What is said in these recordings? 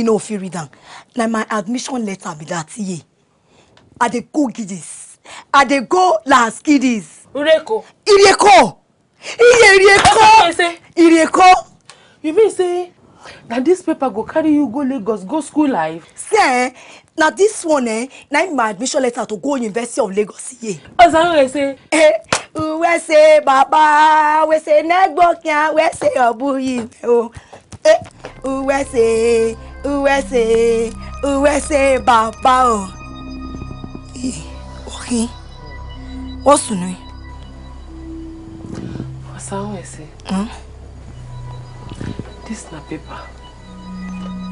you no fit read am na my admission letter be that ye. i dey go gidis i dey go las gidis. ireko. ireko ireko ireko. you mean say na dis paper go carry you go lagos go school life. see eh na dis one eh na im my admission letter to go university of lagos here. ọsàn rẹ ṣe. wẹ́sẹ̀ bàbá wẹ́sẹ̀ nẹ́gbọ̀kìá wẹ́sẹ̀ ọ̀bùyí o eh, USA USA USA bàbá o. Eh, okay what's the name. Osanwese. Hmm? This na paper.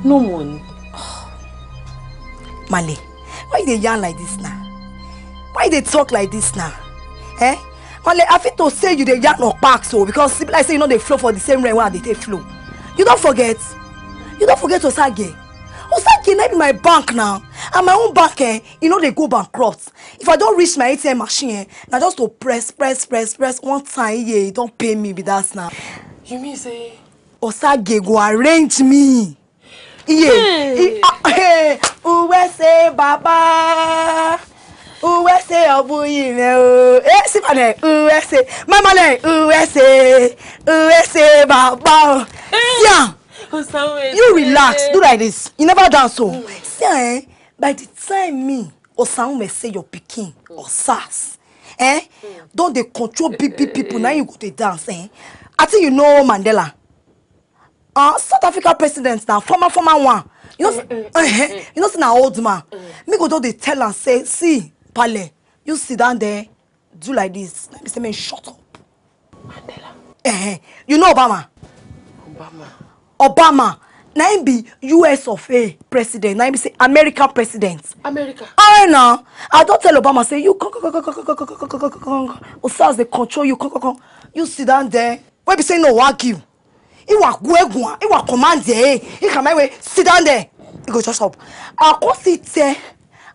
No money. Oh. Male, why they yarn like this now? Why they talk like this now? Eh? Male, I fit to say you dey yarn or pack so because like say you no dey flow for the same rain wey I dey take flow you don't forget you don't forget osage osage na be my bank now and my own bank eh e no dey go bankrupt if i don reach my atm machine eh na just to press press press press one time yeah e don pay me be that now. you mean say. osage go arrange me. iye ah, uwe se baba. U.S.A. uwese ọbụghị ime o U.S.A. uwese mamane uwese uwese baba eh! sian you relax do like this you never dance o See, eh by the time me osanwume say your pikin osas eh don dey control big big people na you go dey dance eh i think you know mandela uh, south africa president na former former one you know mm, mm, eh, eh? Mm, you know say na old man me go don dey tell am say see pale you sit down there do like this let me say man, shut up. mandela. Eh, you know obama. obama. obama Now him be us of a president Now him be say american president. america. all right now i don't tell obama say you come come come control you you sit down there wey be saying no work wan give iwa gwegun iwa command there eh he come my way sit down there You go just up i go sit there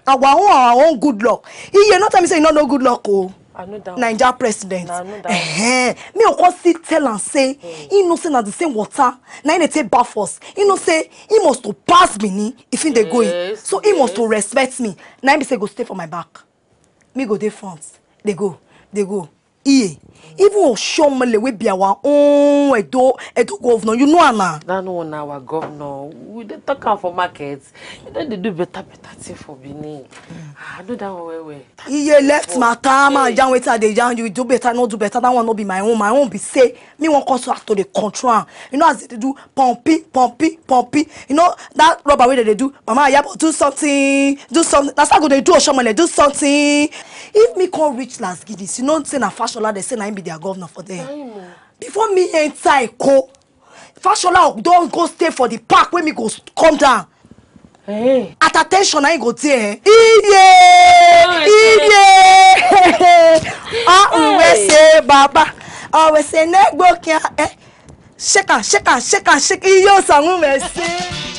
our own our own good luck iye no tell me say you no know good luck o. Oh. naija president me o come still tell am say he know say na the same water na him dey take baff us he know say he must to pass benin if he dey go in so he must to respect me na him be say go stay for my back me go dey front dey go dey go iye even oshiomhole wey be our own edo edo governor you know her na dat one na our governor we dey tok am for market you don dey do beta beta thing for benin ah, i know dat one well well iye left matter man jam wetin i dey jam you do beta no do beta dat one no be my own my own be say me wan cause her to dey control am you know as they dey do pompi pompi pompi you know dat rubber wey dem dey do mama ayabo do something do something na so i go dey do oshiomhole do something if me come reach las guinness you know say na fashion fashola dey say na him be their governor for there before me enter Eko fashola don go stay for the park wey me go come down Hey. Eh. At attention na him go there. eh. Iye! Oh, Iye! Always ah, say baba, always ah, say negbokia eh. Shake am, shake am, shake am, shake. Iyo sangu me say.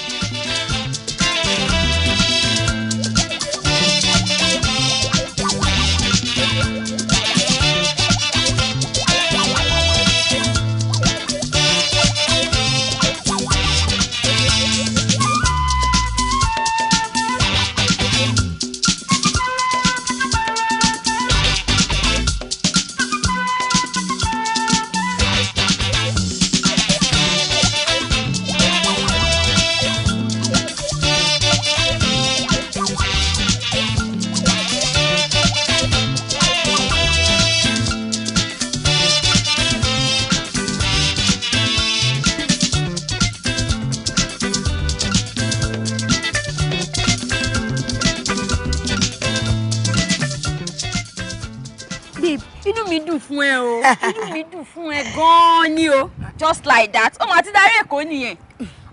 inú mi dùn fún ẹ o inú mi dùn fún ẹ gan-an ni o just like that ó mà ti darí èkó nìyẹn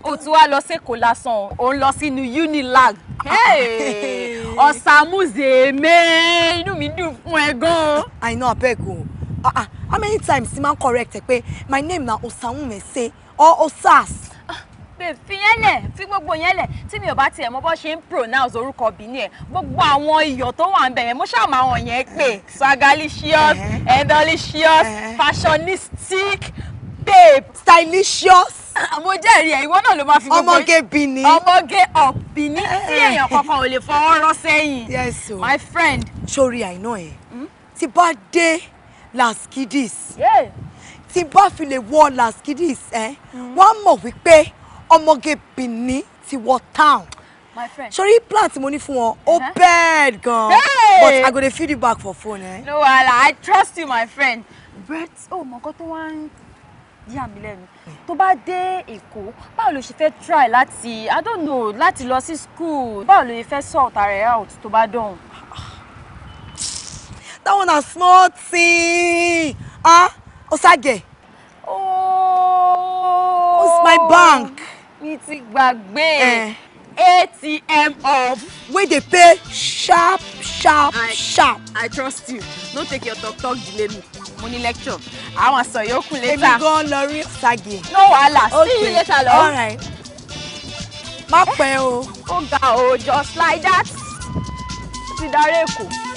ó ti wá lọ sẹ́kọ̀ọ́ lásán o ò ń lọ sínú unilag ọ̀sàmùzèmé inú mi dùn fún ẹ gan-an. àìná abeg o ah, ah, how many times ti máa correct ẹ pé my name na osamume se or osas babe fi yẹn lẹ̀ fi gbogbo yẹn lẹ̀ tí mi ò bá tiẹ̀ mọ bó ṣe ń pronounce orúkọ bìíní ẹ̀ gbogbo àwọn iyọ̀ tó wà ń bẹ̀ yẹn mo ṣáà máa wọ̀n yẹn pé swagalicious endolicious fashionistic babe stylicious mo jẹ́rìí ẹ̀ ìwọ náà ló máa fi gbogbo ọmọge bìíní ọmọge ọ̀bìíní tí èèyàn kankan ò lè fọwọ́ rọ́ sẹ́yìn yes my friend. sori àìná ẹ hmm? ti bá dé las kidis tí bá fi lè wọ las kidis ẹ hmm. wọn mọ̀ wípé ọmọge Benin ti wọ town my friend. Sorry, plant money for one. Oh, uh-huh. bad girl. Hey! But I got a feed you back for phone, eh? No, Ala, I trust you, my friend. But, oh, my God, one. Yà mí lẹ́nu. Tó bá dé Èkó, báwo lo ṣe fẹ́ try láti, I don't know, láti lọ sí school. Báwo lo ṣe fẹ́ sort ara out tó bá dọ̀hún. That one a small thing. Ah, Osage. Oh. It's my bank mi ti gbàgbé eh. atm of wey dey pay sharp sharp I, sharp. i trust you no take your talk talk delay me mo lecture àwọn àṣọ yòókù later. èmi gan lọ rí ṣàgè. no wahala okay. see you later lọ. all right má pẹ́ o. ó ga o just like that ó ti darí èkó.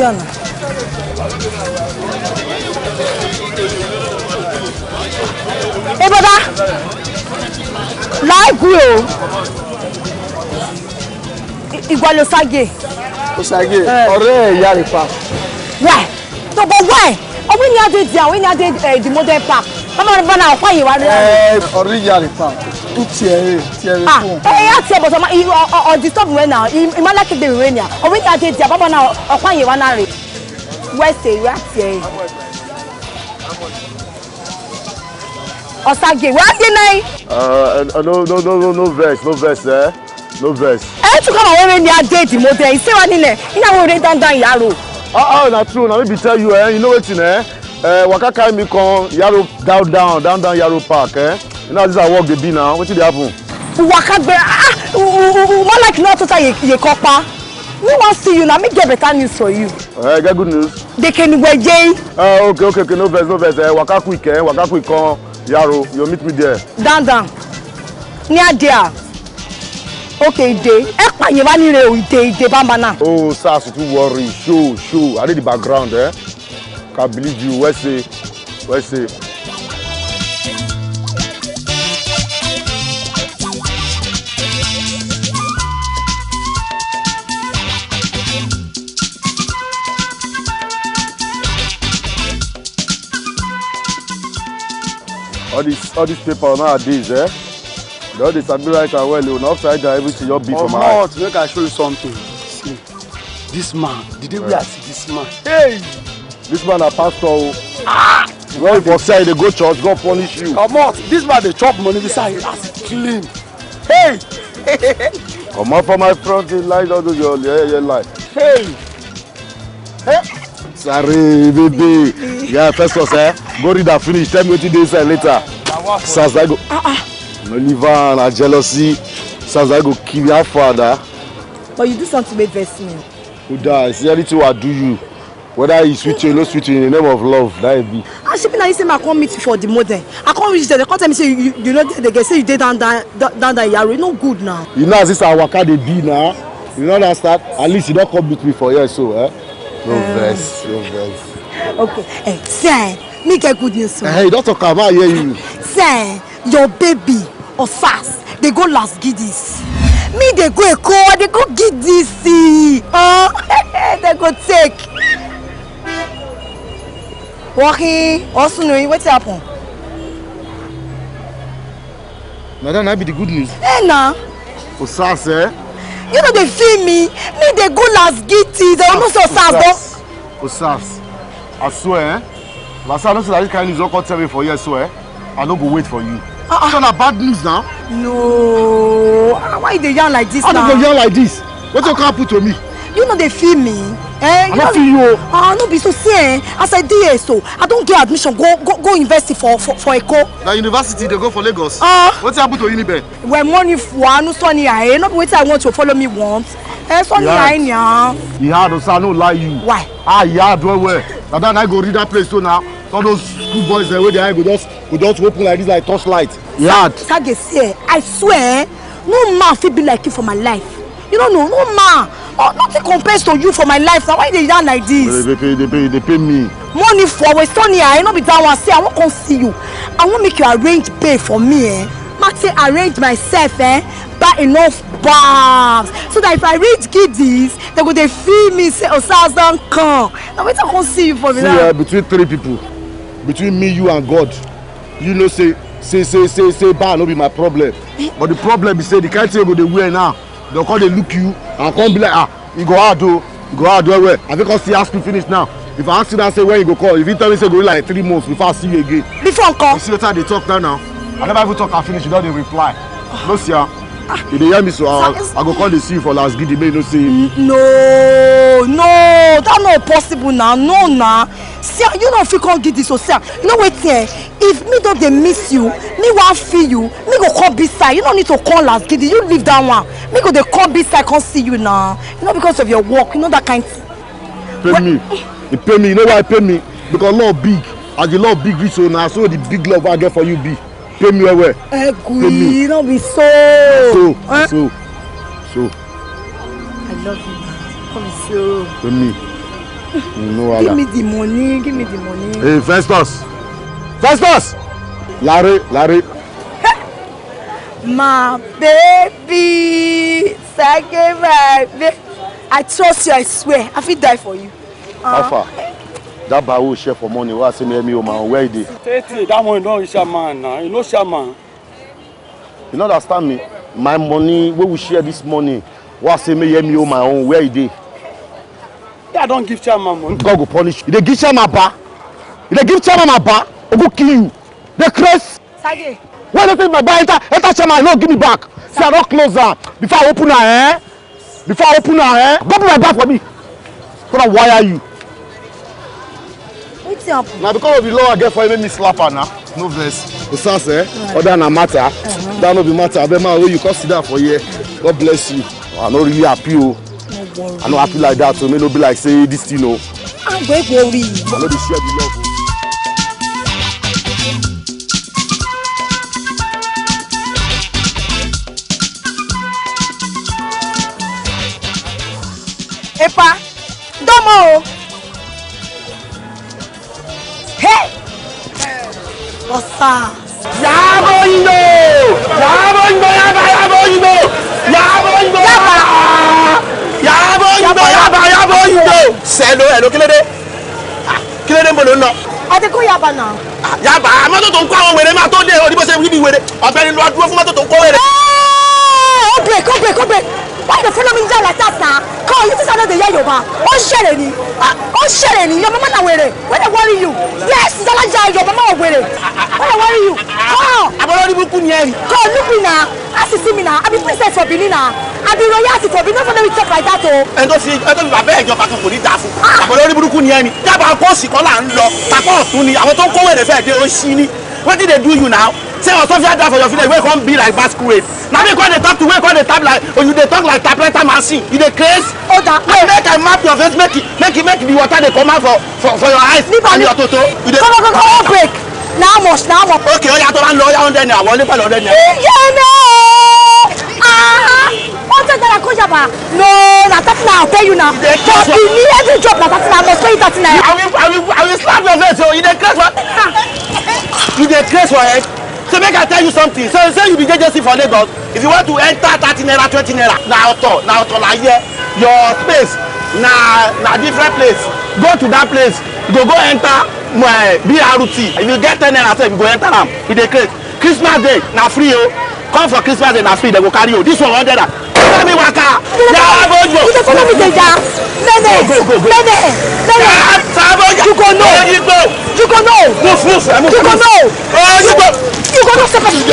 sí ọ̀nà. ẹ bọ́dá láìgùn o ìgbà ló ságè. ó ságè ọ̀rẹ́ ẹ̀ yára pa. wẹ́ẹ̀ tó bọ̀ wẹ́ẹ̀ ọ̀wé ni adé di àwọn ẹni adé ẹ̀ di model park. na eh e ah eh ya but na dey dey na na Osage, where are you now? Uh, no, no, no, no, no verse, no verse, eh? No verse. Ah, ah, eh, to come away when they are mother. You say what in there? You know down yaro. Oh, eh? na true. Now let Uh, eh, waka carry me come Yaro down down down down Yaro Park. Eh? You know this I work dey be now. Wetin dey happen? Waka gbera ah more ah, like not total ye kopa. We wan see you na me get better news for you. Eh get good news. Dekeni weje. Eh uh, okay okay okay no vex no vex. Eh, waka quick eh waka quick come Yaro you meet me there. Down down. Near there. Okay ide. E pa yen ba ni re o ide ide bamba na. Oh sars, so too worry show show. I dey the background eh can believe you well say well say. all this all this paper nowadays eh they all dey sabi write am well o na upside down everything just be for my eye. comot make i show you something see this man the day wey i see this man hey this man a pastor o. Ah! when you for sell you go church god punish you. Come on, this man dey chop money beside him as he clean. hey. on for my front in line don do your yeye ye line. hey. hey. sorry baby yeah first of all go read am finish tell me wetin dey say later. sas i go ah, ah. no leave am na jealousy sas i kill your father. but you do something wey vex me. Who i The only thing i do you whether he switch you or no switch you in the name of love that it be. ah shebi na you say ma come meet for the model i come reach there they come tell me say you you no dey get say you dey down down down down yaro e no good na. you know as this our waka dey be na you know that understand at least you don come meet me for here so eh? no um, vex no vex. okay eh, hey, sir me get good news for you. Eh, you talk am i hear you. sir your baby ofas dey go las guineas me dey go eko i dey go gidisi oh, dey go take walking or snowing wetin happen. na that na be the good news. eh na. for sars eh. you no dey feel me me dey go las giti dey eh, almost for sars don. Eh? for sars i swear eh vasa i know say na this kind news don come tell me for here so eh i no go wait for you. Uh -uh. so na bad news na. no ah, why you dey yarn like this now. how you go yarn like this wetin uh -uh. come happen to me. you no dey feel me. Eh, I no fit you. Ah, no be so see eh. As I dey so, I don't get admission go go go university for for for Eko. The university they go for Lagos. Ah. Uh, Wetin happen to Unibe? Well, money for No Sunny Aye. Eh, not be I want to follow me once. Eh, Sunny Aye eh, nya. He had us. I no lie you. Why? Ah, he hard well well. Na that I go read that place too. now. All those school boys there wey dey go just go just open like this like torchlight. He hard. Sagesi eh, I swear, no man fit be like you for my life. You don't know, no man. Oh, nothing compares to you for my life na why you dey yarn like this. dey pay dey pay dey pay me. money for westonia i no be that one say i wan come see you i wan make you arrange pay for me eh ma say arrange myself eh buy enough bags so that if i reach giddies dem go dey feel me say osas oh, don come na wetin i come see you for be that. see uh, between three people between me you and god you know say say say say say bar no be my problem eh? but the problem be say the kind thing you go dey wear now dem come dey look you and come be like ah e go hard o e go hard well well i fit come see ask school finish now if i ask you now say when you go call if you tell me say go be like three months before i see you again. before nkan. you see wetin i dey talk now now i never even talk and finish you don dey reply no see am you dey hear me so i uh, i go come dey see you for las gidi make you know say. no no that no possible na no na see you no fit come gidi so see you know wetin eh if me don dey miss you me wan feel you me go come beside you no need to come las gidi you leave that one me go dey come beside come see you na you know because of your work you know that kind thing. pay me e pay me you know why e pay me because love big as the love big reach so na so the big love i get for you be pay me well well. ẹ kù yìí no be so. so eh? so so. i love you ma come so. pay me You no wahala. give me the money give me the money. hey Festus Festus Larry Larry. my baby sake my baby i trust you i swear i fit die for you. Uh, how far that bar wey share for money wey asemi emi oma on where e dey. thirty that one you no shaman na you no shaman. you no understand me my money wey we share this morning wey asemi emi oma on where e dey. yeah i don give chairman money. god go punish you. you dey give chairman ba you dey give chairman ba o go kill you dey craze. sage. why you no take my ba enter enter chairman you no give me back say i don close am before i open am eh before i open am eh go put my bag for me so that wire you wetin happen. na because of the law i get for him make me slap her na no vex osas eh other na matter uh-huh. that no be matter abema wey you come sit down for here god bless you i no really happy oh. o i no happy like that o make no be like say this thing o. agbo epo ori. i no dey share the love o. Oh. epa dọ́mọ o. ọ̀sà. yàbọ̀ yìnbó yàbọ̀ yìnbó yàbá yàbọ̀ yìnbó yàbọ̀ yìnbó yàbá yàbọ̀ yìnbó yàbá yàbọ̀ yìnbó. sẹ́ló ẹ̀ ló kílódé kílódé ń bolo ń lọ. àti kó yàbá náà. yàbá mọ́tò tó ń kó àwọn wèrè máa tó dé oníbọ̀sẹ̀ wíìdì wèrè ọ̀fẹ́ ni lọ́ọ́ dúró fún mọ́tò tó ń kó wèrè. ó bèk ó bèk ó bèk why the follow me like that now come you just another no dey hear share any. ṣẹlẹ share any. your mama na wèrè wey they worry you yes dalaja your mama wa wèrè wey dey worry you come. I'm already bukú here. ẹ come look me now. na see me now. i be princess for benin na i be royalty for benin no follow talk like that oh. ẹ don't see. ẹ don't fi your back kan kò ní dáa fún ah! àbọ̀lọ́ ní burúkú ni ẹ ni dábàá kóòsì kan là ń lọ tapọ̀ ọ̀tún ni àwọn tó ń they ẹ̀rẹ́fẹ́ dé ó ṣí ni wetin dey do you now say on sophia dance for your village wey come be like masquerade na me come dey talk to wey come dey tap like or oh, you dey talk like tapenta machine you dey craze. oga oh, wait make i map your face make e make e make the water dey comot for for for your eyes and your toto. you dey kọ́kọ́ kọ́kọ́ ó break na how much na how much. ok oya oh, tó bá ń lọ oya hundred naira wọlé pẹ̀lú hundred naira. iye náà hundred naira go yaba no na thirty naira i tell you na for the new every job na thirty naira i must pay you thirty naira. i will i will i will slap your face o you dey craze for you dey craze for head. Eh? So make i tell you something so say you be jjc for lagos if you want to enter thirty naira twenty naira na ọ̀tọ̀ na ọ̀tọ̀ na here your space na na different place go to that place you go go enter my eh, brt if you get ten naira sef you go enter am e dey great christmas day na free o come for christmas day na free dem go carry you this one hundred naira tell me waka yàrá bojo. you dey follow me dey ja You go know. you go know you go know you go know. não gosto de sapato de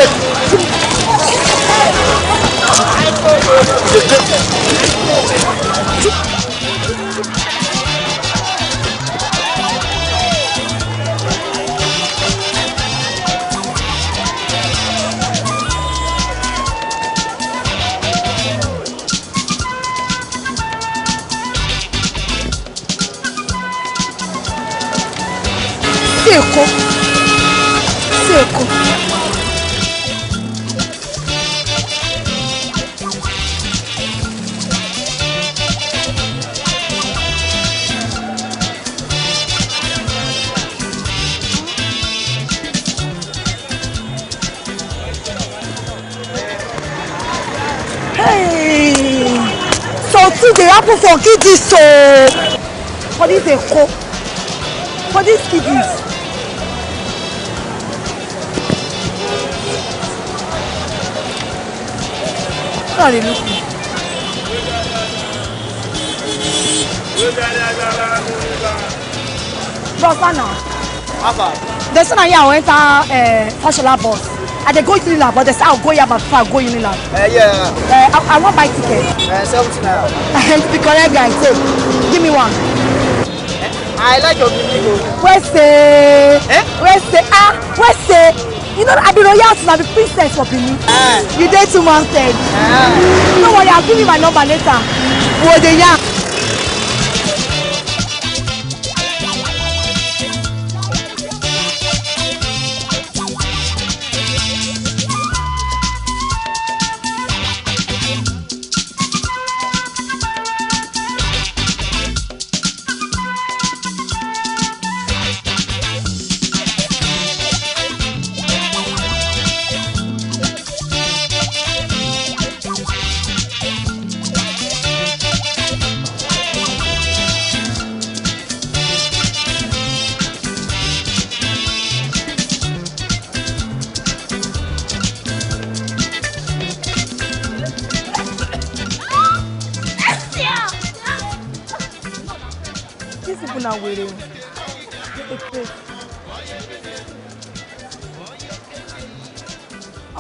Seco. Seco. Wetin dey happen for kiddies so? For this Eko, for this kiddies. Now they look me. Bros, now. There's someone here who enter uh, Fashola bus. I dey go Unilab, but there's I'll oh, go here before I go Unilab. Uh, eh, yeah. Uh, I, I want buy ticket. Uh, 70 naira. the correct guy, take. Give me one. Eh? I like your music. Oh. Where say? Eh? Where Ah, where say? You know, I be royal to be princess for Benin. Uh. You dey too mounted. Uh. No worry, I'll give you my number later. Wo dey yarn. na wèrè o.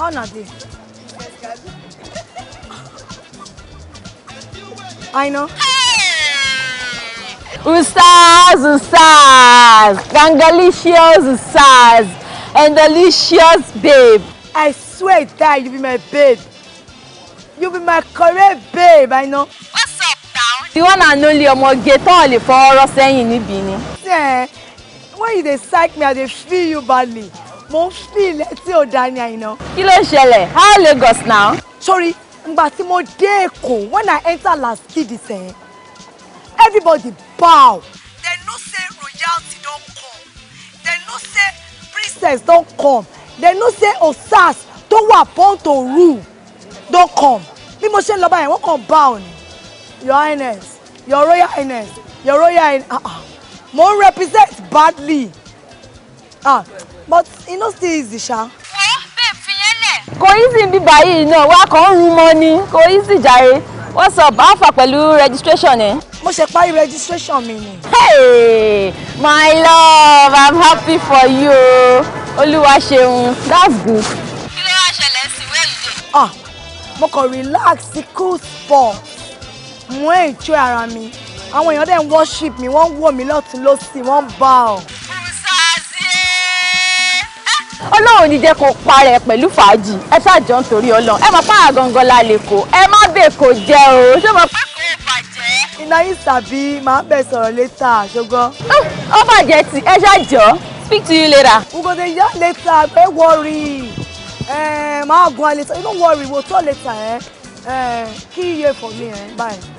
ọ na dị aino Usaz, Usaz, Gangalicious Usaz, and delicious babe. I swear that you be my babe. You be my correct babe, I know the one and only ọmọge tó ò lè fọwọ́rọ́ sẹ́yìn níbí ni. ṣe when you dey psych me i dey feel you badly mo feel tí ò dá ní àyìnà. kí ló how Lagos now. sorry ngbà tí mo dé Èkó when i enter last, Lasidi sẹ́yìn eh, everybody bow They know say royalty don come They know say princess don come They know say osas tó wà born to rule don come bí mo ṣe ń lọ báyìí wọ́n kàn bow ni your highness your royal highness your royal highness ah ah More n represent badly ah but e no still easy ṣá. kò easy bí báyìí náà wá kàn ń rú Room money. kò easy jàre what's up alpha pẹ̀lú registration ẹ̀. mo ṣe parí registration mi hey my love i'm happy for you olúwa ṣeun that's good. kí ló wá ṣẹlẹ̀ sí wẹ́ẹ̀lì ah mo kàn relax sí cool sport mú èjò ara mi àwọn èèyàn dẹ̀ ń worship mi wọ́n ń wò mí lọ́tún lọ́sì wọ́n ń bá ọ. ọlọ́run ní jẹ́ kó parẹ́ pẹ̀lú fàájì ẹ ṣáàjọ ń torí ọlọ́run ẹ mọ̀ pára gangan lálẹ́ kó ẹ má bèè kó jẹ́ o ṣé mo pẹ́ kó bàjẹ́. iná yìí sàbí máa ń bẹ̀ sọ̀rọ̀ létà ṣùgbọ́n. ó bàjẹ́ tí ẹ ṣáàjọ speak to you later. we go dey yarn later no worry máa gan later you no worry we go talk later eh? eh, kí iye for me eh? bye.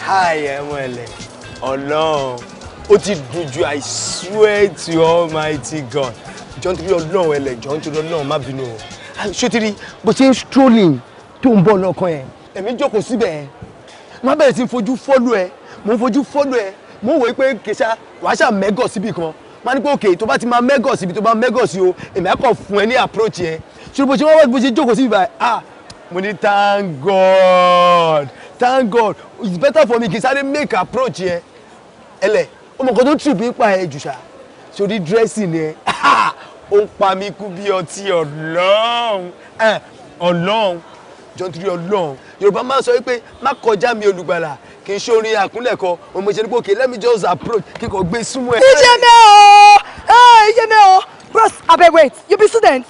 Hi, ẹ mọ̀lẹ́ ọlọ́run ó ti dùn i swear to almighty god jọ́n torí ọlọ́run ẹlẹ̀ jọ́n torí ọlọ́run má bínú o ṣètìrí bó ṣe ń strolling tó ń bọ̀ lọ́kàn ẹ̀ èmi jókòó síbẹ̀ ẹ̀ má bẹ̀rẹ̀ sí fojú fọ́lù ẹ̀ mo ń fojú fọ́lù ẹ̀ mo ń wòye pé kèsà wàá ṣà mẹ́gọ̀ síbì kan má ní pé òkè tó bá ti máa mẹ́gọ̀ síbi tó bá mẹ́gọ̀ sí o èmi á kàn fún ẹ ní approach yẹn ṣùgbọ́n bó ah mo ní thank god thank god it's better for me kì í sáré make approach yẹn ẹlẹ ọmọ kan tó trip yín pa ẹ jù ṣá sórí dressing yẹn ó ń pa mí kú bí ọtí ọlọ́run ọlọ́run jọ́ntúrí ọlọ́run yorùbá máa ń sọ wípé má kọjá mi olùgbàlà kì í ṣe orin àkúnlẹ̀kọ òun ṣe ní pé okay let me just approach kí n kò gbé súnmọ́ ẹ. ìjẹ́mẹ́ o ìjẹ́mẹ́ o bros abeg wait you be student.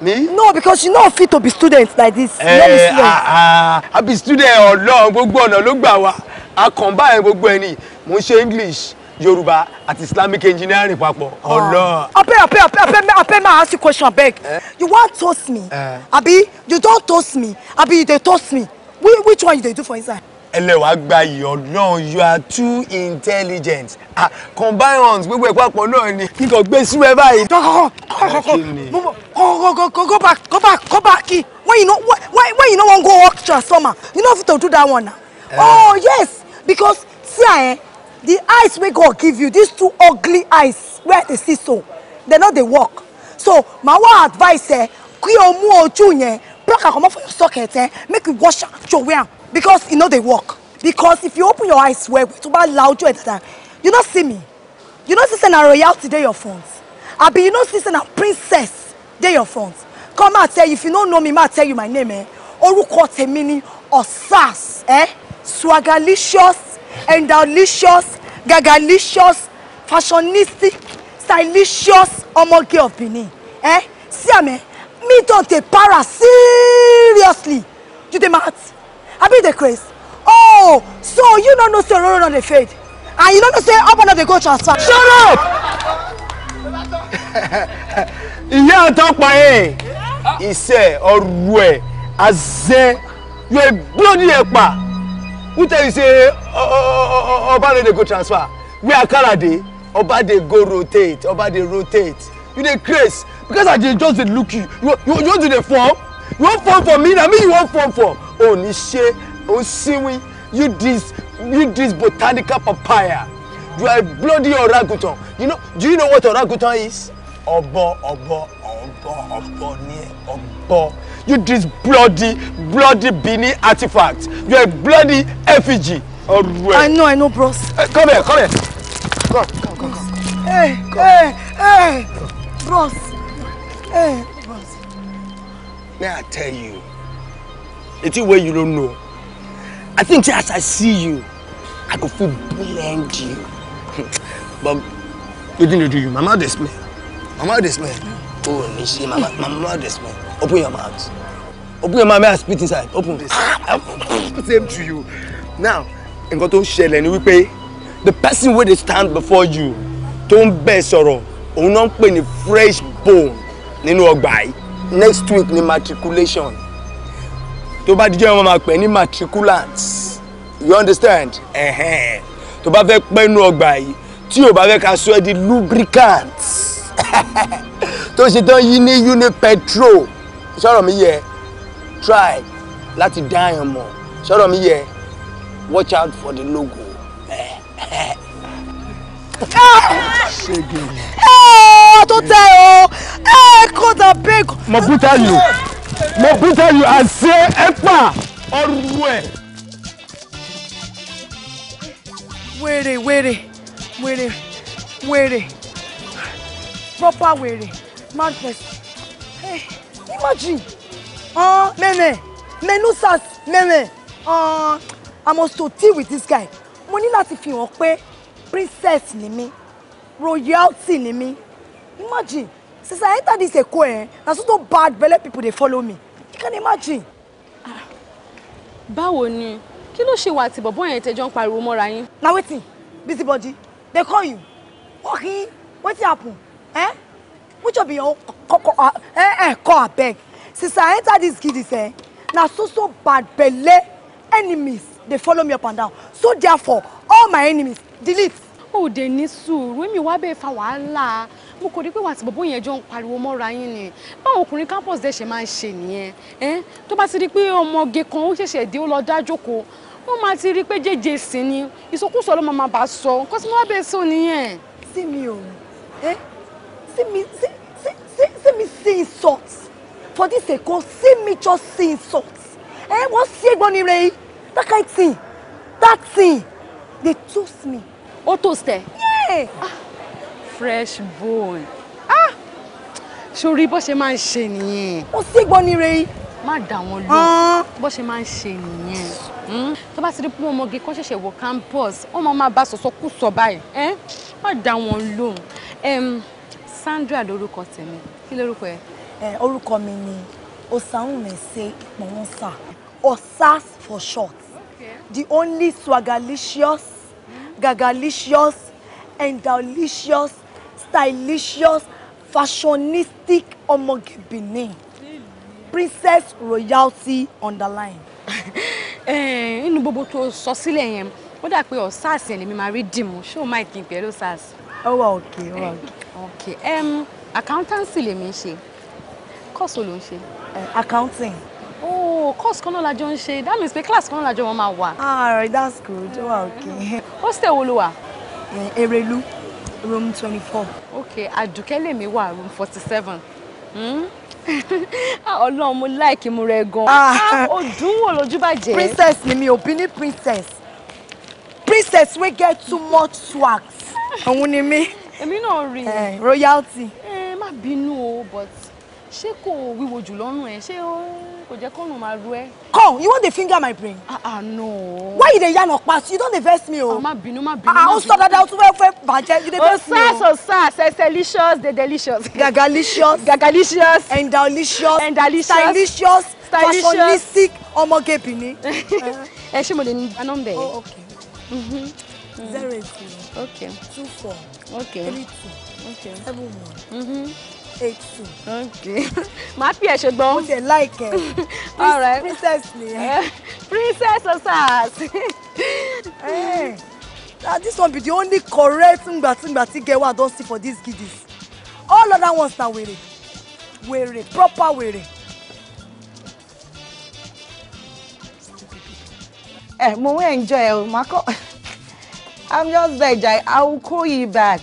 Me? No, because you no fit to be student like this. Eh, Let me eh, see. Ah, ah, I be student Ọlọ́run gbogbo ọ̀nà ló gbà wá. A combine gbogbo ẹni. Mo ṣe English, Yoruba at Islamic engineering papọ̀. Ah. Ọlọ́run. Ape ape ape ape ape ma ask you question beg. Eh? You want toast me? Eh? Abi you don't toast me? Abi you dey toast me? Which one you dey do for inside? ẹlẹ́wàá gba ìyọ̀ náà you are too intelligent ah combine hands gbogbo ẹ̀kọ́ àpọ̀ náà ni kíkọ gbé sí ẹ báyìí. go back go back go back when you no when, when you no wan go work transformer you no fit to do that one na. Eh. oh yes because see ah, eh the eyes wey God give you these two ugly eyes wey I dey see so they no dey work so my one advice eh kí o mú ojú yẹn pluck am comot for your socket eh make you wash am throw am because e no dey work because if you open your eyes well well to loud. la ojú dada you no see me you no see say na royalty dey your front abi you no see say na princess dey your front come out, tell you if you no know me ma tell you my name eh orúkọ tèmi ni osas eh swagalicious endalicious gagalicious fashionistic stylicious ọmọge of Benin eh see am eh me don dey para seriously you dey mad abi you dey craze oh so you no know say ororo don dey fade and you no know say obo no dey go transfer. shut up ìyá àtọ́pọ̀ ẹ̀ iṣẹ́ ọrùú ẹ̀ azẹ́ you a bloody ẹ̀pà who tell you say ọba no dey go transfer where akara dey ọba dey go rotate ọba dey rotate you dey craze because i dey just dey look you you you just dey form you wan form for me na me you wan form for oh, onise osinwi you dis you dis botanical papaya you are bloody orangutan you know do you know what orangutan is ọ̀bọ ọ̀bọ ọ̀bọ ọ̀bọ ni ọ̀bọ you dis bloody bloody Benin artifact you are bloody effigy. Right. I know, I know, bros. Hey, come here, come here. Come, come, come, come. Hey, eh, eh, come. hey, hey, bros. Hey, Now I tell you, it's where you don't know. I think as I see you, I could feel blend you. but you didn't do you. My mouth is smell. My mouth is smell. Oh, Nishi, my, my mouth is smell. Open your mouth. Open your mouth, may I spit inside? Open this. Same to you. Now, nǹkan tó ń and we pay the person where they stand before you Don't bear sorrow. sọ̀rọ̀ not náà ń fresh bone nínú ọgbà yìí next week ni matriculation tó bá díjọ́ wọn máa pè ní matriculants you understand ẹ̀hẹ́n tó bá fẹ́ pẹ́ nínú ọgbà yìí tí o bá fẹ́ ka sọ ẹ́ di lubricant tó ṣe tán yí ní unipetrol sọ̀rọ̀ mi yẹ try láti dá àyàn mọ̀ sọ̀rọ̀ mi yẹ watch out for the logo. Ah! ṣé gèlè. Ah! tó tẹ o Hey, ah, God, I beg. Mo buta you. Mo buta you. I say, Epa, Orwe. Wèrè, wèrè, wèrè, wèrè. Proper wèrè. Mad person. Hey, imagine. Uh, ah, meme, menusas, meme. Uh, ah, I must to deal with this guy. Mo ní láti fi hàn pé princess ni mí, royalty ni mí. Imagine. Since I entered this Eko, eh, na so so bad belle people they follow me. You can imagine. Báwo ni? Kí ló ṣe wà tí bọ̀bọ́ yẹn tẹ́jọ́ ń pariwo mọ́ra yín? Na wetin? Busybody. They call you. Okay, wetin happen? Eh? Which of your uh, eh eh call abeg? Since I entered this kiddies, eh, na so so bad belle enemies they follow me up and down. So therefore, all my enemies delete. Oh dẹ̀ when you èmi wá fa wàhálà mo kò rí pé wà tí bòbó yẹn jọ ń pariwo mọ́ra yín ni báwọn ọkùnrin campus dẹ̀ ṣe máa ń ṣe nìyẹn tó bá ti rí pé ọmọge kan ó ṣẹ̀ṣẹ̀ dé ó lọ dá jókòó wọ́n máa ti rí pé jẹ́jẹ́ sí ni ìsọkúsọ ló máa bá sọ nǹkan tí wọ́n bẹ̀ sọ nìyẹn. sí mi ò ẹ sí mi sí sí sí mi sí insult for this èkó sí mi just sí insult ẹ wọ́n sí ẹgbọ́n ni rẹ̀ yìí that kind thing that thing dey toast me. ó toast ẹ. yeah. ah fresh bone ah sori bó ṣe máa ń ṣe nìyẹn. ó sì gbọ́ ní rẹ̀ má dà wọn lọ bó ṣe máa ń ṣe nìyẹn hmm? to bá ti rí pé ọmọge kan ṣẹ̀ṣẹ̀ wọ campus ó máa máa bá sọ̀sọ́ kú sọ báyìí má dà wọn lóhùn Sandra lórúkọ tèmi kí lórúkọ ẹ. orúkọ mi ni osanwumese iponwonsa osas for short okay. the only swagalicious gagalicious and delicious stylicious fashionistic ọmọge Benin princess royalty underline. inú eh, gbogbo tó sọ sílẹ̀ yẹn ó dà pé ọ̀sáàsì ẹ̀ lèmi máa rí dìmú ṣé o máa kí n pẹ̀lú ọ̀sáàsì. ó wà òkè ó wà òkè. Eh, ok um, accountancy lèmi ń ṣe course wo ló ń ṣe. Eh, accounting. oh course kan náà la jọ ń ṣe that means pé class kan náà la jọ wọn máa wà. all ah, right that's good ó wà òkè. hostel wo ló wà. Erelu room twenty four. ok àdùkẹ́ lèmi wà room forty seven hmm? ah, ọlọ́run mo láìkí mu rẹ gan-an ah. ó ah, dùn wò lójú bàjẹ́. princess ni mi ò bí ní princess princess wey get too much swag òun ni mi. èmi náà rí i. Eh, royalty. ẹ eh, má bínú o but ṣé kò wíwo jù lọ́rùn ẹ ṣé kò jẹ́ kọ́rùn máa ru ẹ. come you wan dey finger my brain. ah ah no. why you dey yarn ọ̀pá you don dey vex me o. Oh? Ah, má bínú má bínú. ah o sọ dada o tún fẹ́ fẹ́ bàjẹ́ you dey oh, vex me o. osas osas eselicious dey delicious. gagalicious. gagalicious. endalicious. endalicious. stylicious. stylicious. fashionistic ọmọge bini. ẹ ṣé mo lè ní nọ́mbà yẹn. oh okay. Mm-hmm. zero eight zero. Mm-hmm. okay. two four. okay. three two. okay. seven one. Mm eighty. okay màá pè ẹ ṣùgbọ́n. mo ṣe láìkẹ́ all right princess nìyẹn. princess osas. hey, eh. ah, this one be the only correct ngbatingbati girl wey i don see for these giddies all other ones na wèrè wèrè proper wèrè. Eh, mo enjoy, Mako. I'm just begging. I will call you back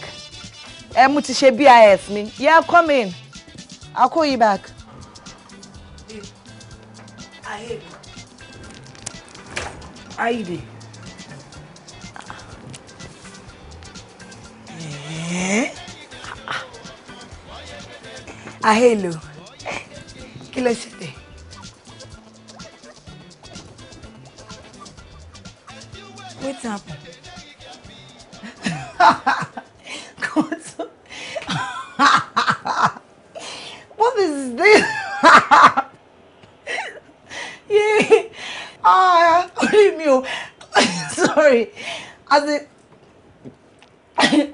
ẹ mo ti ṣe bis mi yeah come in I'll call you back. Ayide. Eh? Ahelo. Ah, ah. ah, Kí ló ṣe? as in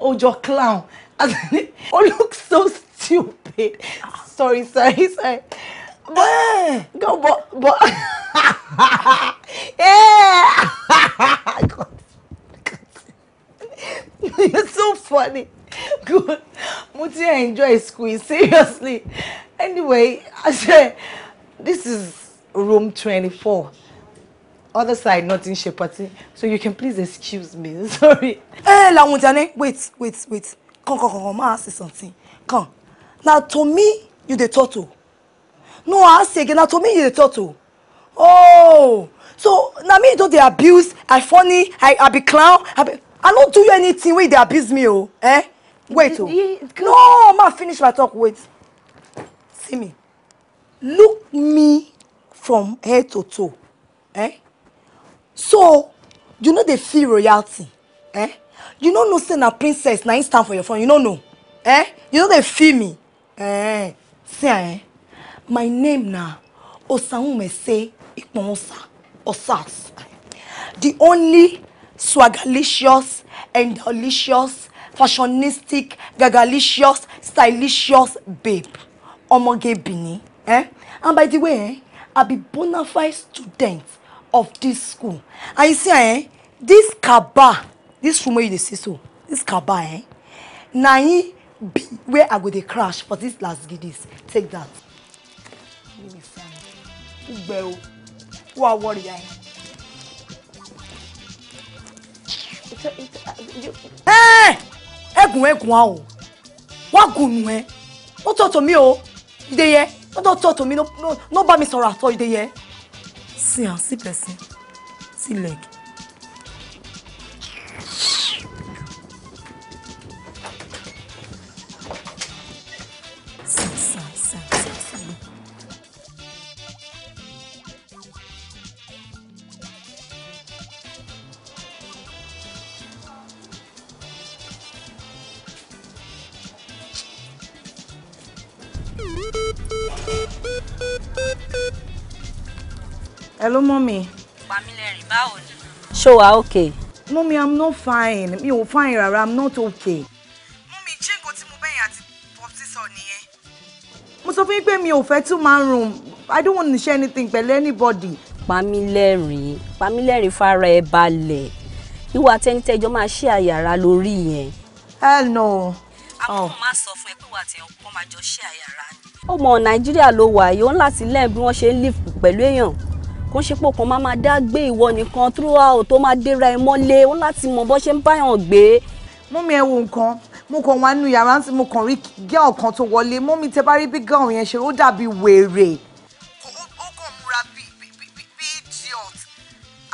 ojo clown as in oh look so stupid sorry sorry sorry but go but but yeah God. God. you're so funny good Muti, I enjoy school seriously anyway i say this is room 24 other side nothing ti party so you can please excuse me sorry. ẹ eh, làwọn ìjà ni wait wait wait kàn kàn kàn kàn ask you something kàn na to me you dey talk to no i ask again na to me you dey talk to oh so na me you don dey abuse i funny i i be clown i be i no do you anything wey dey abuse me o oh. eh wait oh. o no ma finish my talk wait see me look me from head to toe eh so you know they feel royalty eh you know no say na princess na im stand for your phone. you no know eh you know they feel me eh see eh my name na osanwumese ikponwosa osas the only swagalicious and delicious fashionistic gagalicious stylicious babe ọmọge bini, eh and by the way eh i be bona fide student of this school and you see eh this kaba this room wey you dey see so this kaba eh na him be where i go dey crash for this last gidis take that. gbẹ o worry ẹ. Eh? Eh, ẹgùn ẹgùn a o wá gùnù ẹ eh. no talk to me o ìdè yẹ no talk to me no mi sọ̀rọ̀ àtọ̀ ìdè see am see person see leg Hello, mommy. Pamílẹ́rìn, báwo ni? Ṣé wàá okay? Mommy, I'm not fine. Mi ò fine rárá, I'm not okay. Mommy, ṣé nǹkan tí mo bẹ̀yìn àti Popsi sọ nìyẹn? Mo sọ fún yín pé mi ò fẹ́ two man room. I don't want to share anything pẹ̀lú anybody. Pamílẹ́rìn, Pamílẹ́rìn fara ẹ balẹ̀. Ìwà tẹnitẹ́jọ́ máa ṣí àyàrá lórí yẹn. Hell no. Àwọn ọmọ oh. máa sọ fún ẹ pé ìwà tẹ̀yìn kọ́ máa jọ ṣí àyàrá ni. Ọmọ Nàìjíríà ló wà yìí, ó ń láti lẹ́yìn bí wọ́n ṣe ń live pẹ̀lú èèyàn kò ṣe pò kàn máa dá gbé ìwọ nìkan throughout tó máa déra ẹ mọ́lé ó láti mọ bó ṣe ń báyàn gbé. mummy ẹ wo nǹkan mo kàn wá nínú yàrá tí mo kàn rí girl kan tó wọlé mummy tẹ bá rí bí girl yẹn ṣe ó dàbí wèrè. ó kàn múra bí idiot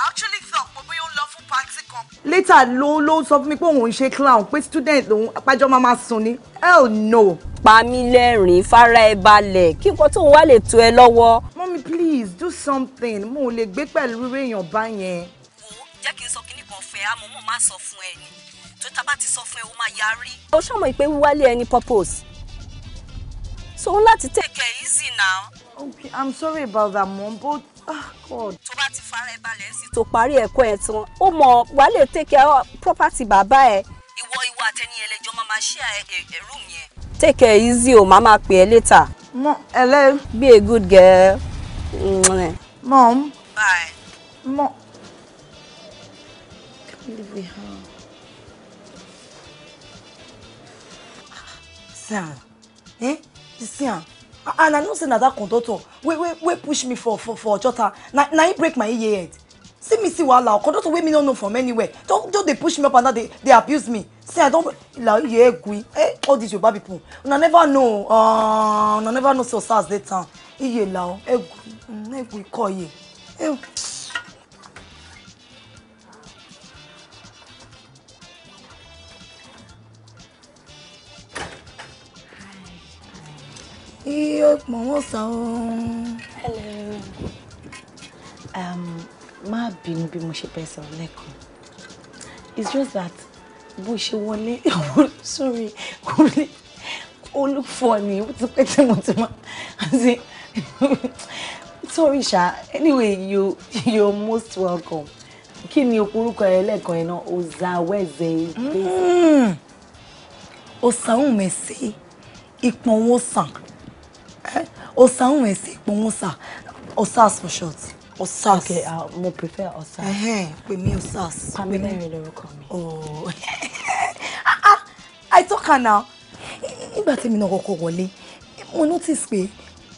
actually thought pé bóyá ó lọ fún party kan. later ló ló sọ fún mi pé òun ṣe clown pé student lòun apájọ máa máa sun ni hell no. pa mí lẹ́rìn-ín fara ẹ balẹ̀ kí nǹkan tóun wá lè tó ẹ lọ́wọ́ me please do something mo le lè gbé pẹ̀lú irú èèyàn báyẹn. wo jẹ́ kí n sọ kínní kan fẹ́ àmọ́ mo máa sọ fún ẹ ni tó tá a bá ti sọ fún ẹ o máa yarí. o ṣọmọ ìpè wíwálé ẹni purpose so o láti take it easy now. okay i'm sorry about that mom but ah god. tó bá ti fara ẹ balẹ̀ sí. tó parí ẹ̀kọ́ ẹ̀ tán ó mọ̀ wàá take care property bàbá ẹ̀. ìwọ ìwọ àtẹni ẹlẹjọ máa máa ṣe ẹrú mi take it easy o màá máa pè é later. mo ẹlẹ́. be a good girl. Mwah. Mom. Bye. Mom. Can't believe we have. Sam. Eh? Sam. And I know say na that conductor wey wey wey push me for for for Ojota na na he break my e ear yet? See me see wahala conductor wey me no know from anywhere Don't don't they push me up and down they dey abuse me. See I don't la ye egui eh all these Yoruba people una never know uh, una never know so sad dey time iye làwọn ẹgù mm, ẹgù ìkọyè. iye pọ̀ wọ́n sọ ọ́n. Um, má bínú bí mo ṣe bẹ́ẹ̀ sọ lẹ́kọ̀ọ́ it's just that bó ṣe wọlé sorry kò lè olùfọ̀ ni ó ti pẹ́ tí mo ti máa sorry Sha. anyway you you're most welcome kí ni orúkọ ẹ lẹ́ẹ̀kan yẹn náà Ozaweze. Mm. ọ̀sán mẹ̀sẹ̀ ìpọ̀nwọ́sàn eh? ọ̀sán mẹ̀sẹ̀ ìpọ̀nwọ́sàn osas for short. osas okay uh, mo prefer osas. pè mí osas. pamẹ́rẹ́ lorúkọ mi. Oh. Ah, ah, I talk her now nígbà tí mi náà kọ́kọ́ wọlé mo notice pé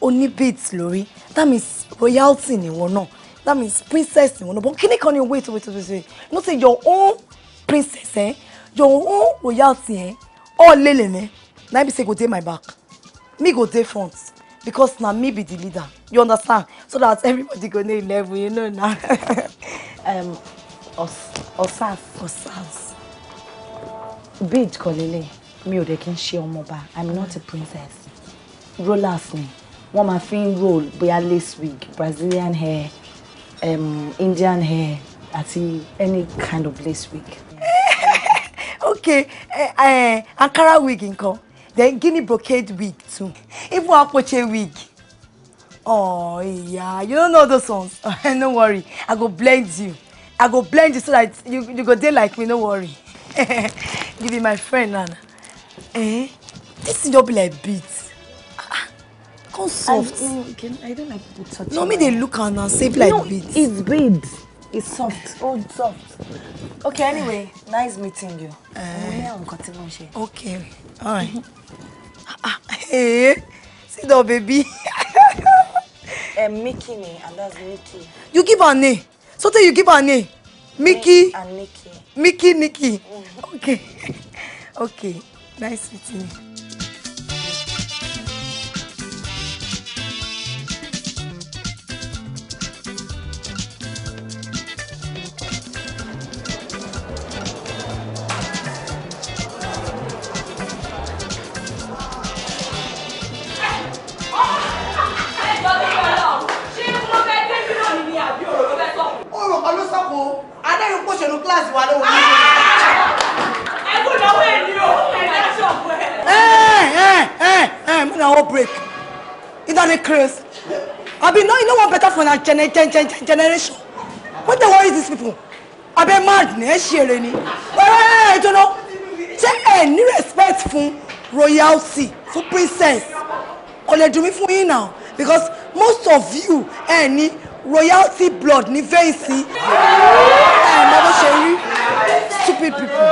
oní beads lórí that means royalty nìwọ náà that means princess nìwọ náà but kíní kan ni wait wait wait wait No say your own princess eh? your own royalty eh? all lele me na be say go dey my back me go dey front because na me be the leader you understand so that everybody go dey level you know na. um, os osas osas bead kọ lélẹ̀ mi ò dé kí n ṣe ọmọọba i'm not a princess rollers ni wọ́n máa fi ń roll bóyá lace wig Brazilian hair um, Indian hair àti any kind of lace wig. okay uh, uh, Ankara wig nǹkan then Guinea brocade wig too even Apoche wig. Oh yeah, you don't know those ones. Eh, no worry, I go blend you. I go blend you so that you, you go there like me, no worry. Give be my friend, Nana. Eh? This is don't be like beats come soft. I, okay, I don't like people touching. No, me they look and save like no, beads. It's beads. It's soft. Oh, it's soft. Okay, anyway, nice meeting you. Uh, okay, all right. hey, ah, ah, eh, see down, baby. um, Mickey, me, and that's Nikki. You give her a name. So tell you give her a name. Mickey. And Nikki. Mickey, Nikki. Mm. Mm-hmm. Okay. okay, nice meeting you. kíláàsì wa lówó ní. ẹ kò lọ́wọ́ èmi o ẹ̀dá ṣọ̀pẹ́. ẹ ẹ ẹ ẹ mo na wan break you don dey craze abi no you no wan better for na gene gene gene generation what dey worry these people abẹ mad ní ẹ ṣeré ni ẹ ẹ jọlọ ṣé ẹ ní respect fún royalty fún princess kò lè dùn mí fún yín now because most of you ẹ ní royalty blood ní fẹ́ǹsì ẹ̀ mọ bó ṣe rí stupid people.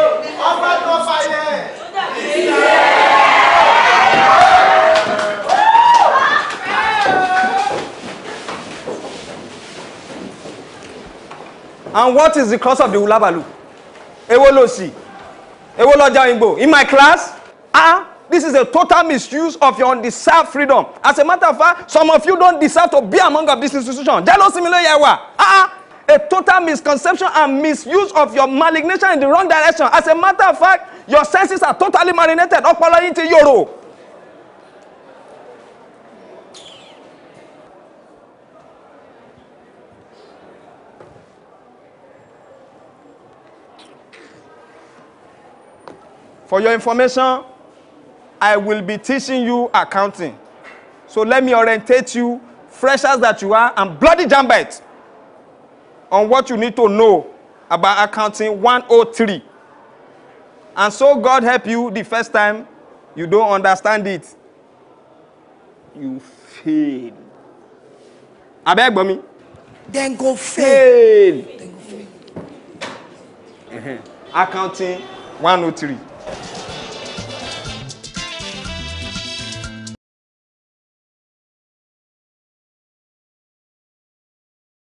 And what is the cause of the Ewo lo si. Ewo lo lọ́jà òyìnbó? In my class? Ah! Uh -uh. This is a total misuse of your undeserved freedom. As a matter of fact, some of you don't deserve to be among of this institution. Jealousy, Yewa. Ah, ah, a total misconception and misuse of your malignation in the wrong direction. As a matter of fact, your senses are totally marinated. Ọpọlọ yín ti yòrò. For your information, I will be teaching you accounting. So let me orientate you, freshers that you are, and bloody jambites on what you need to know about accounting 103. And so God help you the first time you don't understand it. You fail. Abeg gbọ́ mi. Then go fail. fail. Then go fail. Accounting 103.